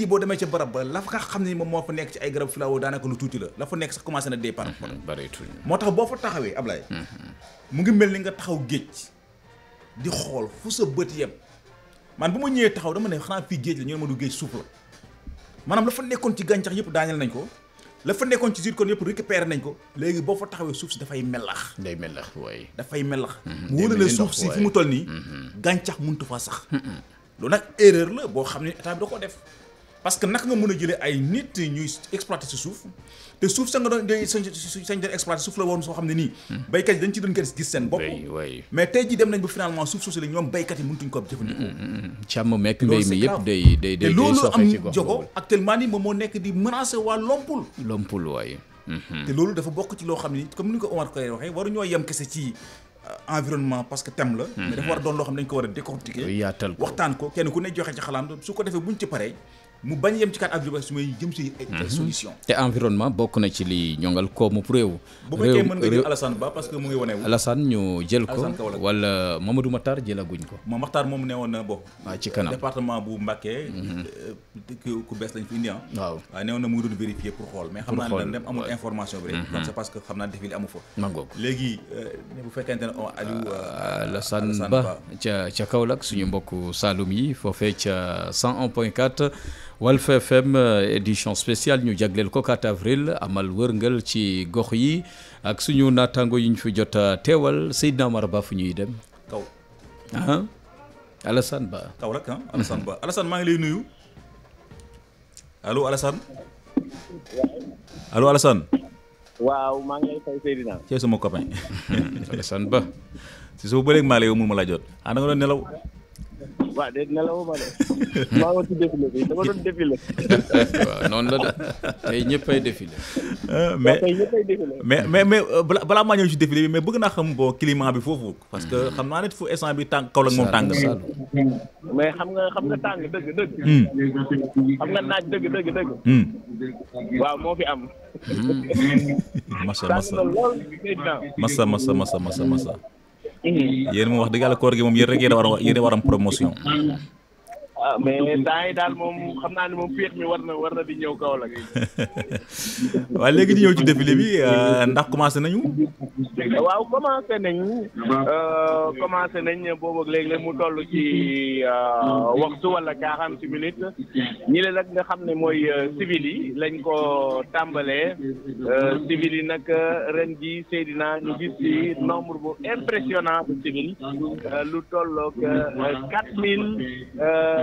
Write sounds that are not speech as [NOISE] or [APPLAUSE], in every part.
jii boo demee ca barab ba la fa nga xam ne moom moo fa nekk ci ay garab filao daanaka lu tuuti la la fa nekk sax commencé na départ mm-hmm. bareetul moo tax boo fa taxawee Ablaye mm-hmm. mu ngi mel ni nga taxaw géej di xool fu sa bët yem man bu ma ñëwee taxaw dama ne xanaa fii géej la ñu ma du géej suuf la maanaam la fa nekkoon ci gàncax yëpp daaneel nañ ko la fa nekkoon ci zircon yëpp récupéré nañ ko léegi boo fa taxawee suuf si dafay melax day melax waay dafay melax mm-hmm. mu wóor la suuf si fi mu toll nii gàncax mënut faa sax loolu nag erreur la boo xam ne état bi da def parce que naka nga mën a jëlee ay nit ñuy exploiter si suuf te suuf sañ doon exploiter suuf la woon soo xam ne nii. béykat yi dañ ci doon gën gis seen bopp. mais tey jii dem nañ ba finalement suuf soosu la ñoom béykat yi mëntuñ ko jëfandikoo. Mm, mm, mm. càmm mekk mbéy nii moom moo nekk di menacer waa Lompul. Lompul waaye. Mm-hmm. te loolu dafa bokk ci loo xam ne comme ni ko Omar Koy waxee waruñoo yem kese ci. Euh, environnement parce que thème la. mais dafa mm-hmm. war a doon loo xam ne dañ kenn ku ne joxe ci xalaat su ko defee buñ mu bañ yem ci kat agriculture mais jëm si ay mhm. solution te environnement bokk na ci li ñongal koomu réew bu fekkee mën nga jël Ba parce que mu ngi wane wu Alassane ñu jël ko wala Mamadou Matar jëlaguñ ko ma Matar moom ne woon na bokk waaw ah, ci kanam département bu Mbacké mhm. euh, ku bees lañ fi indi ah waaw waaw ah, ne woon na mu ngi doon vérifier xool mais xam naa ne dem information bi rek mhm. donc c'est parce que xam naa euh, bu fekkente ne oh, Aliou ah, euh, Alassane Ba ca ca Kaolack suñu mbokk Saloum yi foofee ca 101 point 4 Walf FM euh, édition spéciale ñu jagleel ko 4 avril amal wërngël ci gox yi ak suñu naataango yi ñu fi jot teewal Seydina Omar Ba fu ñuy dem. kaw ah Alassane Ba. kaw ah, maa ngi lay nuyu alo Alassane alo Alassane. waaw maa ngi lay fay Seydina. cee sama [LAUGHS] Ba si soo bëreeg maa la mun ma laa jot ah da nga doon nelaw. waaw dégg nelaw ma de. maa noonu la de tey euh, mais mais mais mais euh, balaa balaa maa ñëw ci défilé mais bëgg naa xam bon climat bi foofu. parce que hmm. xam naa ne fu bi tàng kaw la moom tàng. mais xam nga xam nga tàng dëgg dëgg. Hmm. xam nga naaj dëgg dëgg dëgg. Hmm. waaw moo fi am. masa masa masa masa masa masa. yéen moom wax dëgg yàlla koor gi moom yéen rek yéen a war a yéen a war am promotion ah mais [LAUGHS] temps yi daal moom xam naa ne moom féex mi war na war na di ñëw kaw la. [LAUGHS] waaw léegi di ñëw ci défilé bi euh, ndax commencé nañu. waaw commencé nañ euh, commencé nañ boobu ak léegi mu toll ci euh, waxtu wala quarante minutes ñi leen nag nga xam ne mooy civil yi lañ ko tàmbalee civil yi nag ren ji Seydina ñu gis ci nombre bu impressionnant de civil lu tolloog quatre mille.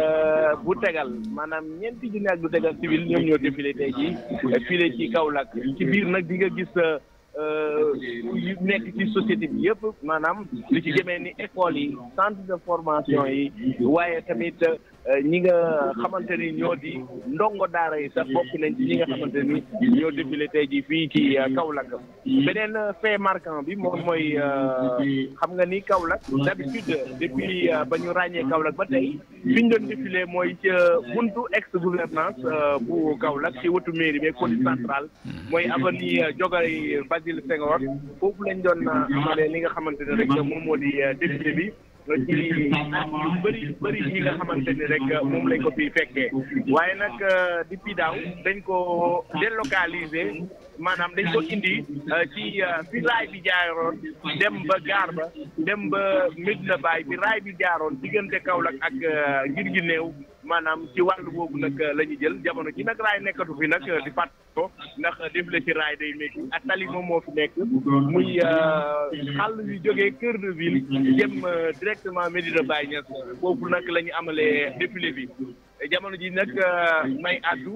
Euh, bu tegal maanaam ñeenti junni ak bu tegal civil ñoom ñoo défilé tey jii file ci Kaolack ci biir nag di nga gis euh, nekk ci société bi yëpp maanaam li ci demee ni école yi centre de formation yi waaye tamit ñi nga xamante ni ñoo di ndongo daara yi sax bokk nañ ci ñi nga xamante ni ñoo défilé tey ji fii ci euh, Kaolack beneen fait marquant bi moom mooy euh, xam nga ni Kaolack d'habitude depuis euh, ba ñu ràññee Kaolack ba tey fi ñu doon défilé mooy ca buntu ex gouvernance bu Kaolack ci wëtu mairie bi côté central mooy avenue Diogaye Basile Senghor foofu lañ doon amalee li nga xamante ni rek moom moo di défilé bi ci lu bëri bëri nga xamante rek moom lay ko fi fekkee waaye nag depuis daaw dañ ko délocaliser maanaam dañ ko indi ci fi raay bi jaaroon dem ba gaar ba dem ba Medina baay bi raay bi jaaroon diggante Kaolack ak euh, ngir gi néew maanaam ci wàllu boobu nag euh, la ñu jël jamono ji nag raay nekkatu fi nag di fàtt ko ndax défilé ci raay day métti ak tali moom moo fi nekk muy euh, xàll yu jógee cœur de ville jëm euh, directement Médina Baye Niass foofu nag la ñu amalee défilé bi jamono ji nag may addu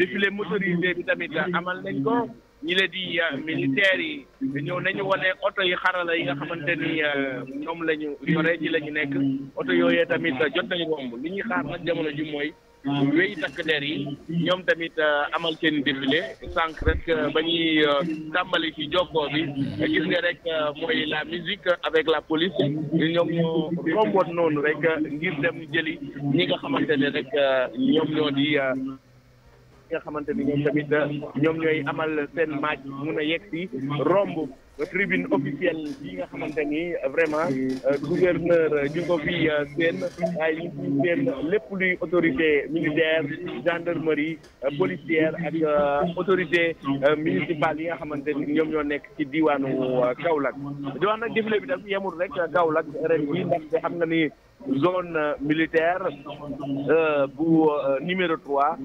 défilé motorisé bi tamit amal nañ ko ñu ne di euh, militaires yi ñëw nañu wane oto yi xarala yi nga xamante ni euh, ñoom la ñu yore ci la ñu nekk oto yooyee tamit euh, jot nañu romb li ñuy xaar nag jamono ji mooy wéy takk der yi ñoom tamit amal seen défilé sànq rek ba ñuy tàmbali ci jokkoo bi gis nga rek mooy la musique avec la police ñoom ñoo noonu rek ngir dem jëli ñi nga xamante ne rek ñoom ñoo di nga xamante ni ñoom tamit ñoom ñooy amal seen match mun a yegg si romb tribune officielle yi nga xamante ni vraiment euh, gouverneur euh, ñu ko fi euh, seen waaye lépp luy autorité militaire gendarmerie policière ak autorité municipale yi nga xamante ni ñoom ñoo nekk ci diwaanu Kaolack di wax nag défilé bi tam yemul rek Kaolack ren yi ndaxte xam nga ni zone euh, militaire euh, bu euh, numéro trois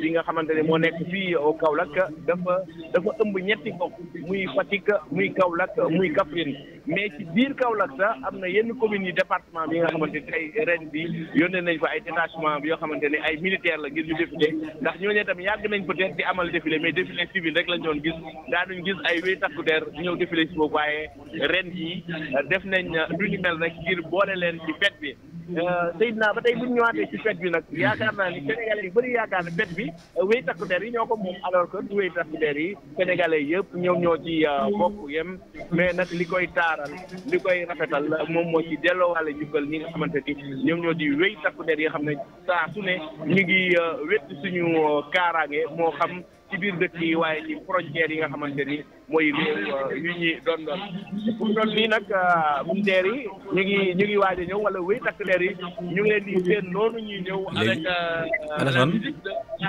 bi nga xamante ne moo nekk fii au Kaolack dafa dafa ëmb ñetti gox muy Fatick muy Kaolack muy Kaffrine mais ci biir Kaolack sax am na yenn commune yi département bi nga xamante ne tey ren bi yónnee nañ fa ay détachement bi yoo xamante ne ay militaire la ngir ñu défilé ndax ñooñu tam yàgg nañ ko être di amal défilé mais défilé civil rek lañ doon gis daanuñ gis ay wéy takku der ñëw défilé si boobu waaye ren yi def nañ du ñu mel rek ngir Euh, Seydina ba tey bu ñu ñëwaatee ci fête bi nag yaakaar naa ni sénégalais yi bëri yaakaar ne fête bi euh, wéy takku der yi ñoo ko moom alors ko du wéy takku der yi sénégalais yëpp ñoom ñoo ci euh, bokk yem mais nag li koy taaral li koy rafetal moom moo ci delloowaale jukkal ñi nga xamante ni ñoom ñoo di wéy takku der yi xam ne saa su ne ñu ngi wétt suñu kaaraange moo xam ci biir dëkk yi waaye ci frontières yi nga xamante ni mooy réew euh, yu ñuy doon doon fu mu doon nii nag euh, militaires yi ñu ngi ñu ngi waaj a ñëw wala wéy takk leer yi ñu ngi leen di seen noonu ñuy ñëw. avec. Euh, Alassane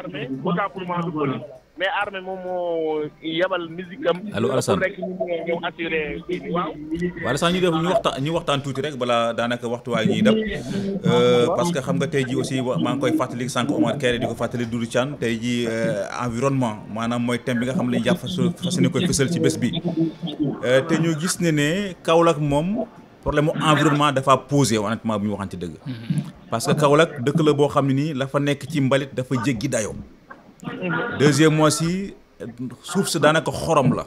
armée autant pour moi du police mais armée moom moo yabal musique am. allo Alassane rek ñu ñëw assuré kii ñu def ñu waxtaan ñu waxtaan tuuti rek balaa daanaka waxtuwaay ñuy dab euh, parce que xam nga tey ji aussi maa ngi koy fàttali sànq Omar Kéré di ko fàttali Doudou caan tey ji euh, environnement maanaam mooy thème bi nga xam ne jàpp fas ne koy fësal ci bés bi euh, te ñu gis ne ne Kaolack moom problème mu environnement dafa posé honnêtement bu ñu waxante dëgg. Mhm. parce que Kaolack dëkk la boo xam ne nii la fa nekk ci mbalit dafa jéggi dayoo. deuxième yi suuf si daanaka xorom la.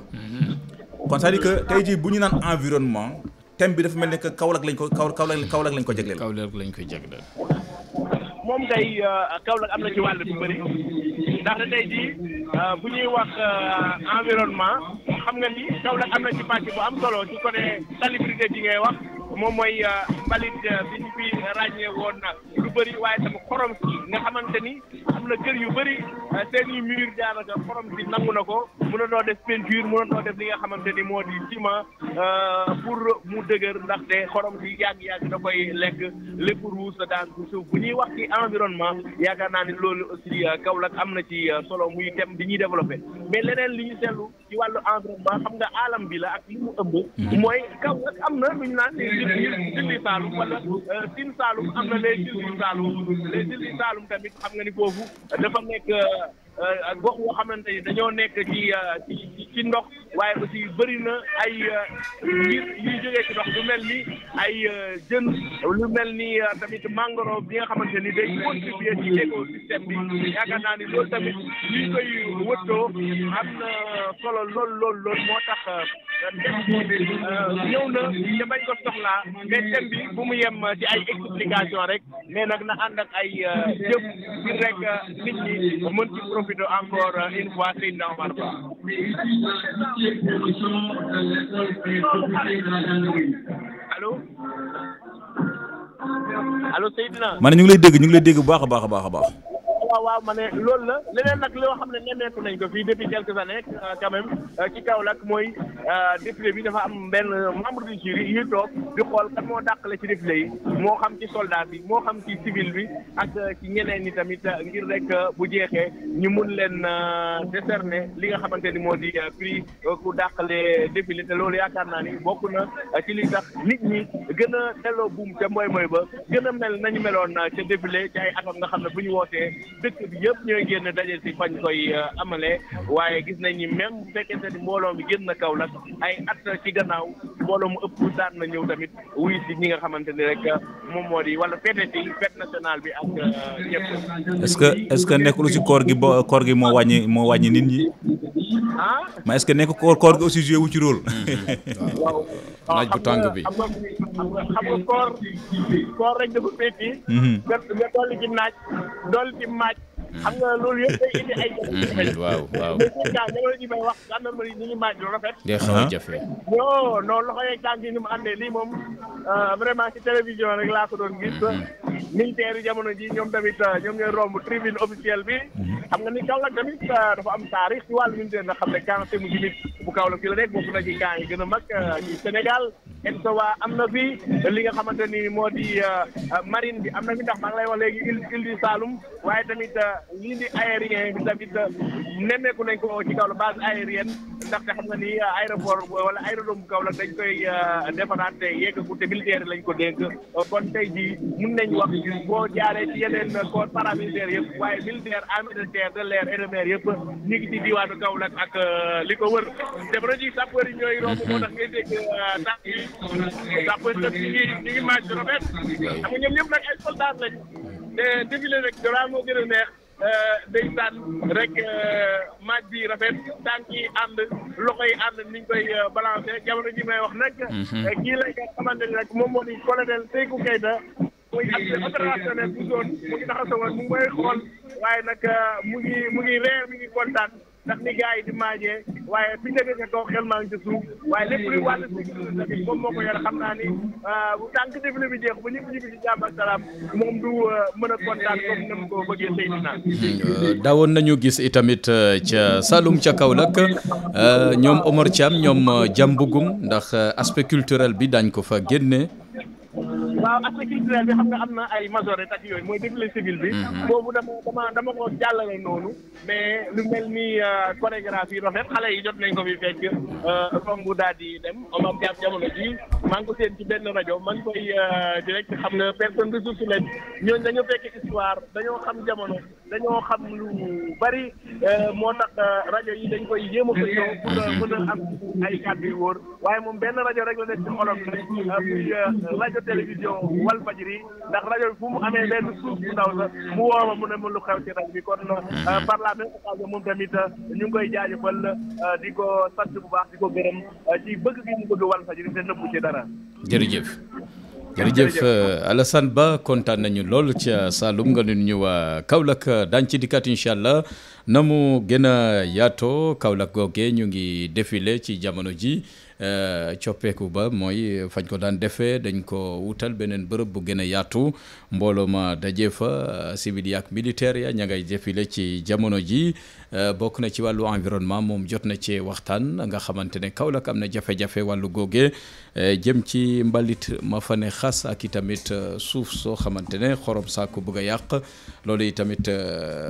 kon cest à que tey jii bu ñu naan environnement thème bi dafa mel ne que Kaolack lañ ko Kaolack Kaolack lañ ko jagleel. Kaolack lañ ko jagleel. moom day euh, Kaolack am na ci wàll bu bëri ndax tey jii euh, euh, am na solo ci côté salubrité bi ngay wax moom mooy mbalit bi ñu fi ràññee woon na yu waaye tam xorom si nga xamante ni am na kër yu bëri ah, seen i mur daanaka xorom si nangu na ko mënatoo def peinture mënatoo def li nga xamante ni moo di ciment ah, pour mu dëgër ndaxte xorom si yàgg-yàgg da koy lekk lépp ruus daan ko suuf bu ñuy wax ci environnement yaakaar naa ne loolu aussi ah, Kaolack am na ci solo muy thème bi ñuy développé mais leneen li ñu seetlu ci wàllu environnement xam nga alam bi la ak li mu ëmb mm-hmm. mooy Kaolack am na lu am na Saalum léegi Sine Saalum tamit xam nga ni foofu dafa nekk euh, euh, gox boo xamante ni dañoo nekk ci euh, ci ci ndox. waaye aussi bëri na ay ngir euh, jógee ci ndox lu mel ni ay euh, jën lu mel ni euh, tamit mangoro bi nga xamante ni day contribuer ci écosystème bi yaakaar naa ni loolu tamit ñuy koy wëttoo am na solo lool lool lool moo tax thème bi ñëw na te ko soxlaa mais thème bi bu mu yem ci ay explication rek mais nag na ànd ak ay jëf ngir rek nit ñi mën ci profiter encore une fois Seydina Omar Ba l'exposition de l'école ñu ngi lay dégg ñu ngi lay dégg bu baax a baax baax a baax. waaw ma ne loolu la leneen nag loo xam ne nemmeeku nañ ko fii depuis quelques années euh, quand même euh, ci Kaolack mooy euh, défilé bi dafa am benn membre du jury yu toog di xool kan moo dàqale ci défilé yi moo xam ci soldat yi moo xam ci civil bi ak ci ñeneen ñi tamit ngir rek bu jeexee ñu mun leen décerner li nga xamante ni moo di prix ku dàqale défilé te loolu yaakaar naa ni bokk na ci li tax nit ñi gën a delloo buum te mooy mooy ba gën a mel nañu meloon ca défilé ci ay atam nga xam ne bu ñu wootee dëkk bi yëpp ñooy génn dajal si fañ koy euh, amalee waaye gis nañ ni même bu fekkente ni mbooloo mi génn na Kaolack ay at ci gannaaw mbooloo mu ëpp daan na ñëw tamit wuy si ñi nga xamante ni rek euh, moom moo di wala fête si fête nationale bi ak euh, ñëpp. est-ce que est-ce que nekkul si koor gi bo koor gi moo wàññi moo wàññi nit ñi. Ah? mais est-ce que nekk koor koor gi aussi joué wu ci rôle. waaw [LAUGHS] naaj bu tàng bi xam nga xam nga koor koor rek dafa féeti. Mhm. nga nga dolli naaj dolli ci maaj. xam nga loolu yëpp day indi ay jafe-jafe. Mhm, mhm, maaj lu rafet. day xaw a jafe. non non loxo yeeg tànk yi ni mu àndee li moom euh, vraiment ci télévision rek laa ko doon gis. militaire yi jamono ji ñoom tamit euh, ñoom ñooy romb tribune officielle bi mhm. xam nga ni Kaolack tamit euh, dafa am taarix ci wàllu militaire na xam ne camp Sémou Djimit bu Kaolack gi la rek bokk na ci camp gën a mag euh, ci Sénégal am na fi li nga xamante ni moo di marine bi am na fi ndax maa ngi lay wax léegi île île du Saloum waaye tamit lii di aérien bi tamit nemmeeku nañ ko ci Kaolack base aérienne ndaxte xam nga ni euh, aéroport wala aérodrome bu Kaolack koy euh, defaraat te yeggagu te militaire lañ ko dénk euh, kon tey jii mun nañ wax boo jaaree ci yeneen corps paramilitaire yëpp waaye militaire armée de terre de l'air et de mer yëpp ñu ngi ci diwaanu Kaolack ak li ko wër def na ci sapeur yi ñooy romb moo tax ngay dégg tax yi sapeur yi ñu ngi ñu ngi màcc Robert xam nga ñoom ñëpp nag ay soldats lañ moo gën a neex Euh, ndeysaan rek euh, maaj bi rafet tànk yi ànd loxo yi ànd niñ koy euh, balancé jamono ji may wax nag. Mhm. kii la nga xamante ni rek moom moo di colonel Seydou Keita. muy acte opérationnel bu zone mu ngi taxawoon mu ngi may xool waaye nag mu ngi mu ngi reer mi ngi kontaan ndax ni gars yi di maajee. waaye fi ñu nekkee xel maa ngi ci suuf waaye lépp luy wàllu sécurité moom moo ko yore xam naa ni euh, bu tànk défilé bi jeex ba ñëpp ñibbi ci jàmm ak moom du euh, mën a kontaan comme ni mu ko bëggee Seydina. Euh, daawoon nañu gis itamit ca Saloum ca Kaolack ñoom Omar Thiam ñoom Jambougoum ndax aspect culturel bi dañ ko fa génne. waaw aspect culturel bi xam nga xam na ay majorité ak yooyu mooy défilé civil bi. Mm-hmm. boobu dama dama dama ko jàllale noonu. mais lu mel ni euh, chorégraphie rafet xale yi jot nañ ko fi fekk euh, romb daal di dem Omar Diab jamono ji maa ngi ko seen ci benn rajo man ngi koy euh, direct xam nga personne ressource lañ ñooñu dañoo fekk histoire dañoo xam jamono dañoo xam lu bari moo tax rajo yi dañ koy yéem a ko ñëw pour a am ay kàddu yu wóor waaye moom benn rajo rek la def ci rajo télévision. rajo Walfadjri ndax rajo bi mu amee benn suuf bu ndaw sa mu woo mu ne ma lu xew ci rajo bi kon mhm. euh, par la même tamit euh, ñu ngi koy jaajëfal euh, di ko sant bu baax di ko gërëm ci bëgg gi mu bëgg Walfadjri te nëbbu ci dara. jërëjëf. jërëjëf Alassane Ba kontaan nañu lool ca Saloum nga nuyu ñu waa Kaolack daañu ci dikkaat incha allah na mu gën a yaatoo Kaolack googe ñu ngi défilé ci jamono ji. Euh, coppeeku ba mooy euh, fañ ko daan defee dañ ko wutal beneen bërëb bu gën a yaatu mbooloo ma daje fa euh, civil yi ak militaire ya ña ngay défilé ci jamono ji bokk na ci wàllu environnement moom jot na cee waxtaan nga xamante ne Kaolack am na jafe-jafe wàllu googe jëm ci mbalit ma fa ne xas ak itamit suuf soo xamante ne xorom saako bëgg a yàq loolu itamit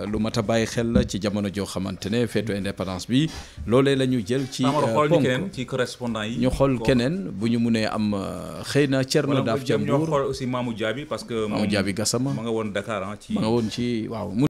lu mat a bàyyi xel la ci jamono joo xamante ne feetu indépendance bi loolee la jël ci ponk yi. ñu xool keneen bu ñu munee am euh, xëy na Thierno Daaf Thiam Ndour wala ñoo xool parce que. ma nga woon Dakar ah nga woon ci waaw.